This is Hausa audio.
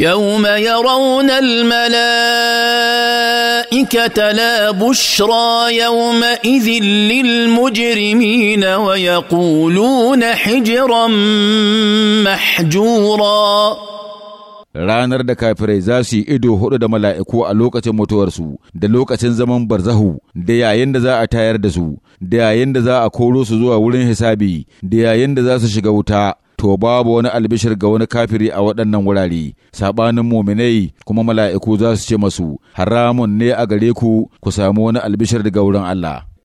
يوم يرون الملائكه لا بشرى يومئذ للمجرمين ويقولون حجرا محجورا ranar da kafirai za su yi ido hudu da mala'iku a lokacin mutuwarsu da lokacin zaman barzahu da yayin da za a tayar da su da yayin da za a koro su zuwa wurin hisabi da yayin da za su shiga wuta to babu wani albishir ga wani kafiri a waɗannan wurare sabanin muminai kuma mala'iku za su ce masu haramun ne a gare ku ku sami wani albishir daga wurin Allah